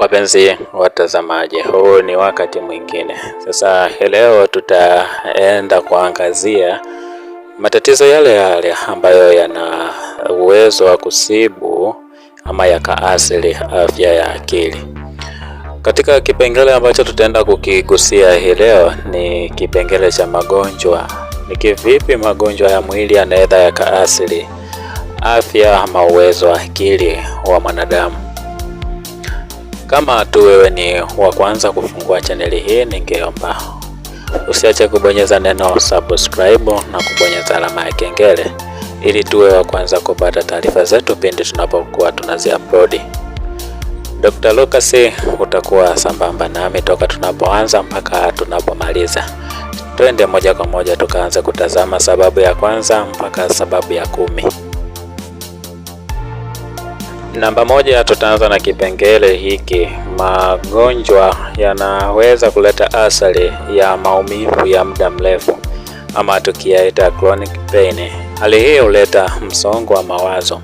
Wapenzi watazamaji, huu ni wakati mwingine sasa. Leo tutaenda kuangazia matatizo yale yale ambayo yana uwezo wa kusibu ama yakaathiri afya ya akili. Katika kipengele ambacho tutaenda kukigusia hii leo ni kipengele cha magonjwa. Ni kivipi magonjwa ya mwili yanaweza yakaathiri afya ama uwezo wa akili wa mwanadamu? Kama tu wewe ni wa kwanza kufungua chaneli hii, ningeomba usiache kubonyeza neno subscribe na kubonyeza alama ya kengele ili tuwe wa kwanza kupata taarifa zetu pindi tunapokuwa upload. Dr. Lucas utakuwa sambamba nami toka tunapoanza mpaka tunapomaliza. Twende moja kwa moja tukaanze kutazama sababu ya kwanza mpaka sababu ya kumi. Namba moja, tutaanza na kipengele hiki. Magonjwa yanaweza kuleta athari ya maumivu ya muda mrefu ama tukiyaita chronic pain. Hali hii huleta msongo wa mawazo.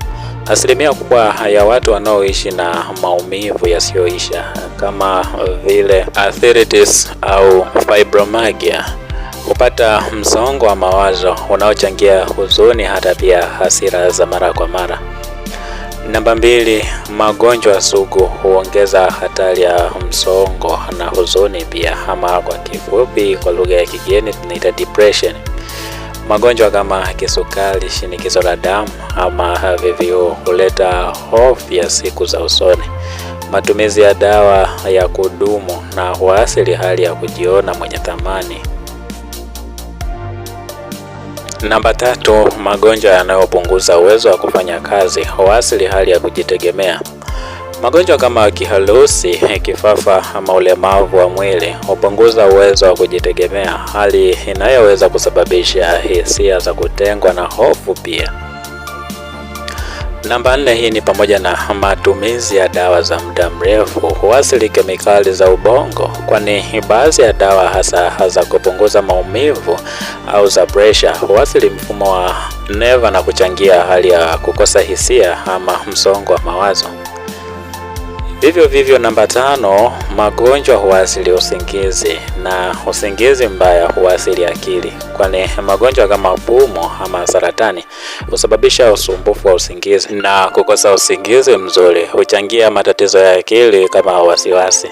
Asilimia kubwa ya watu wanaoishi na maumivu yasiyoisha kama vile arthritis au fibromyalgia hupata msongo wa mawazo unaochangia huzuni, hata pia hasira za mara kwa mara. Namba mbili, magonjwa sugu huongeza hatari ya msongo na huzuni pia, ama kwa kifupi, kwa lugha ya kigeni tunaita depression. Magonjwa kama kisukari, shinikizo la damu ama VVU huleta hofu ya siku za usoni. Matumizi ya dawa ya kudumu na huasili hali ya kujiona mwenye thamani. Namba tatu, magonjwa yanayopunguza uwezo wa kufanya kazi huasili hali ya kujitegemea. Magonjwa kama kiharusi, kifafa ama ulemavu wa mwili hupunguza uwezo wa kujitegemea, hali inayoweza kusababisha hisia za kutengwa na hofu pia. Namba nne, hii ni pamoja na matumizi ya dawa za muda mrefu huasili kemikali za ubongo, kwani baadhi ya dawa hasa za kupunguza maumivu au za presha huasili mfumo wa neva na kuchangia hali ya kukosa hisia ama msongo wa mawazo. Vivyo vivyo, namba tano, magonjwa huasili usingizi na usingizi mbaya huasili akili, kwani magonjwa kama pumu ama saratani husababisha usumbufu wa usingizi, na kukosa usingizi mzuri huchangia matatizo ya akili kama wasiwasi.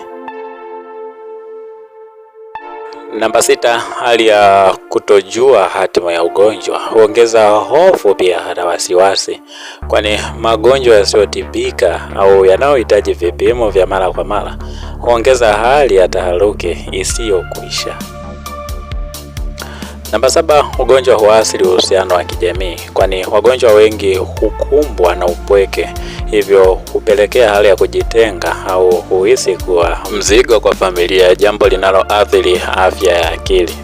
Namba sita, hali ya kutojua hatima ya ugonjwa huongeza hofu pia na wasiwasi, kwani magonjwa yasiyotibika au yanayohitaji vipimo vya mara kwa mara huongeza hali ya taharuki isiyokwisha. Namba saba, ugonjwa huathiri uhusiano wa kijamii, kwani wagonjwa wengi hukumbwa na upweke, hivyo hupelekea hali ya kujitenga au huhisi kuwa mzigo kwa familia, jambo linaloathiri afya ya akili.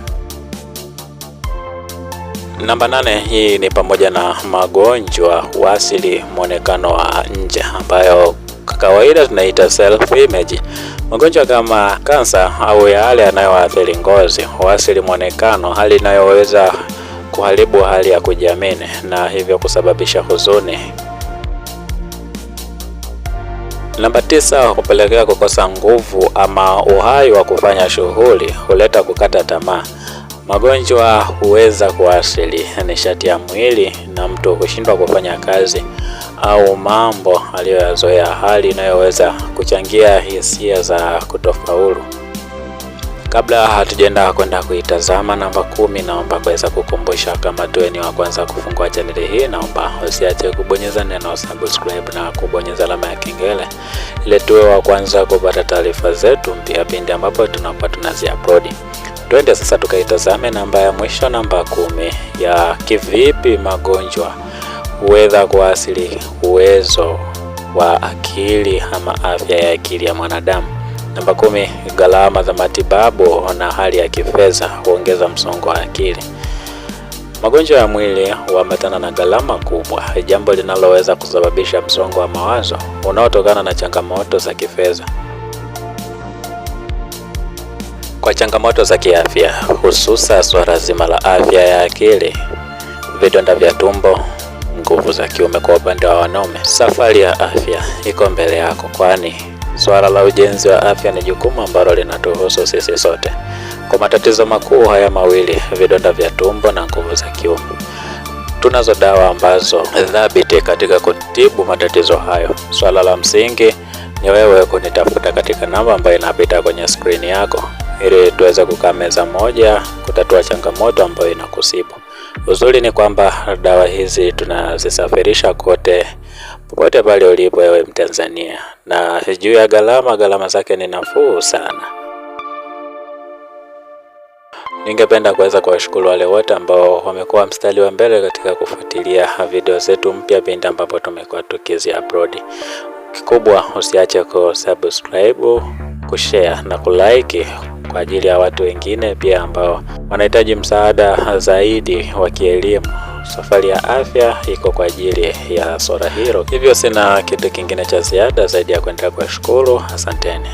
Namba nane, hii ni pamoja na magonjwa huathiri mwonekano wa nje ambayo kawaida tunaita self image. Magonjwa kama kansa au yale yanayoathiri ngozi huathiri mwonekano, hali inayoweza kuharibu hali ya kujiamini na hivyo kusababisha huzuni. Namba tisa, hupelekea kukosa nguvu ama uhai wa kufanya shughuli, huleta kukata tamaa. Magonjwa huweza kuathiri nishati ya mwili na mtu kushindwa kufanya kazi au mambo aliyoyazoea, hali inayoweza kuchangia hisia za kutofaulu. Kabla hatujaenda kwenda kuitazama namba kumi, naomba kuweza kukumbusha, kama tuwe ni wa kwanza kufungua chaneli hii, naomba usiache kubonyeza neno subscribe na kubonyeza alama ya kengele ili tuwe wa kwanza kupata taarifa zetu mpya pindi ambapo tunakuwa tunazi upload. Twende sasa tukaitazame namba ya mwisho, namba kumi ya kivipi magonjwa huweza kuathiri uwezo wa akili ama afya ya akili ya mwanadamu. Namba kumi, gharama za matibabu na hali ya kifedha huongeza msongo wa akili. Magonjwa ya mwili huambatana na gharama kubwa, jambo linaloweza kusababisha msongo wa mawazo unaotokana na changamoto za kifedha. Kwa changamoto za kiafya, hususa swala zima la afya ya akili, vidonda vya tumbo, nguvu za kiume kwa upande wa wanaume, safari ya afya iko mbele yako, kwani swala la ujenzi wa afya ni jukumu ambalo linatuhusu sisi sote. Kwa matatizo makuu haya mawili, vidonda vya tumbo na nguvu za kiume, tunazo dawa ambazo dhabiti katika kutibu matatizo hayo. Swala la msingi ni wewe kunitafuta katika namba ambayo inapita kwenye skrini yako ili tuweze kukaa meza moja kutatua changamoto ambayo inakusibu. Uzuri ni kwamba dawa hizi tunazisafirisha kote popote pale ulipo wewe Mtanzania, na juu ya gharama, gharama zake ni nafuu sana. Ningependa kuweza kuwashukuru wale wote ambao wamekuwa mstari wa mbele katika kufuatilia video zetu mpya pindi ambapo tumekuwa tukizi upload. Kikubwa usiache kusubscribe, kushare na kulike kwa ajili ya watu wengine pia ambao wanahitaji msaada zaidi wa kielimu. Safari ya afya iko kwa ajili ya Sora Hero. Hivyo sina kitu kingine cha ziada zaidi ya kuendelea kuwashukuru. Asanteni.